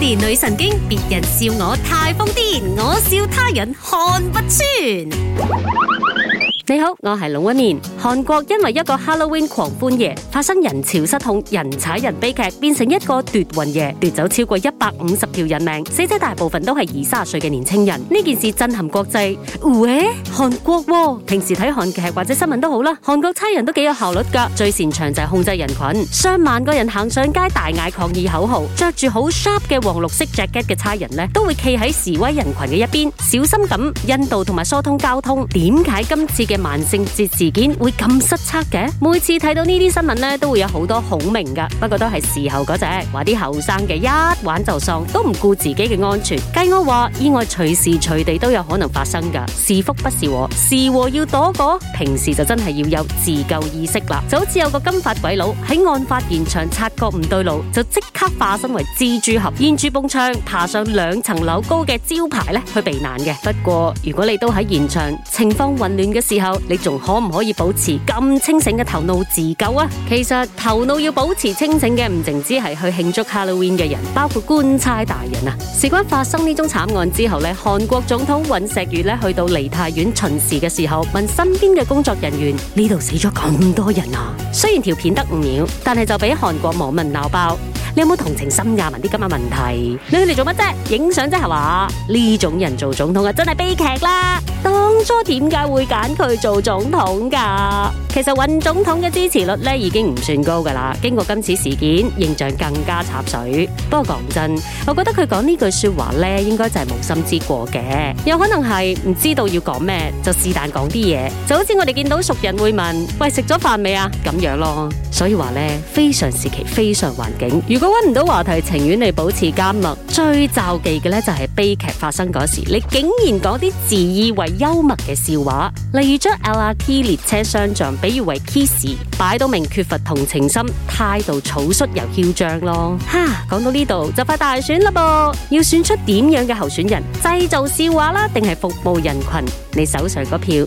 年女神經，別人笑我太瘋癲，我笑他人看不穿。你好，我係龍紋敏。韓國因為一個 Halloween 狂歡夜發生人潮失控、人踩人悲劇，變成一個奪魂夜，奪走超過一百五十條人命，死者大部分都係二三十歲嘅年輕人。呢件事震撼國際。喂，韓國喎、哦，平時睇韓劇或者新聞都好啦，韓國差人都幾有效率噶，最擅長就係控制人群。上萬個人行上街大嗌抗議口號，着住好 sharp 嘅黃綠色 jacket 嘅差人呢，都會企喺示威人群嘅一邊，小心咁引導，同埋疏通交通。點解今次嘅萬聖節事件會？咁失策嘅。每次睇到呢啲新聞呢，都會有好多孔明噶，不過都係事後嗰隻，話啲後生嘅一玩就喪，都唔顧自己嘅安全。計我話意外隨時隨地都有可能發生噶，是福不是禍，是禍要躲過。平時就真係要有自救意識啦，就好似有個金髮鬼佬喺案發現場察覺唔對路，就即刻化身為蜘蛛俠，煙住蹦槍爬上兩層樓高嘅招牌咧去避難嘅。不過如果你都喺現場，情況混亂嘅時候，你仲可唔可以保持？持咁清醒嘅頭腦自救啊！其實頭腦要保持清醒嘅，唔淨止係去慶祝 Halloween 嘅人，包括官差大人啊！事關發生呢種慘案之後呢，韓國總統尹錫悅咧去到梨泰院巡視嘅時候，問身邊嘅工作人員：呢度死咗咁多人啊！雖然條片得五秒，但係就俾韓國網民鬧爆。你有冇同情心啊？問啲咁嘅問題，你嚟做乜啫？影相啫係嘛？呢種人做總統啊，真係悲劇啦！當初點解會揀佢做總統噶？其實尹總統嘅支持率咧已經唔算高噶啦，經過今次事件，形象更加插水。不過講真，我覺得佢講呢句說話咧，應該就係無心之過嘅，有可能係唔知道要講咩，就是但講啲嘢，就好似我哋見到熟人會問：喂，食咗飯未啊？咁樣咯。所以話咧，非常時期，非常環境。如果揾唔到話題，情願你保持緘默。最皺忌嘅咧就係悲劇發生嗰時，你竟然講啲自以為幽默嘅笑話，例如將 LRT 列車相撞比喻為 kiss，擺到明缺乏同情心，態度草率又囂張咯。哈，講到呢度就快大選啦噃，要選出點樣嘅候選人，製造笑話啦，定係服務人群？你手上嗰票，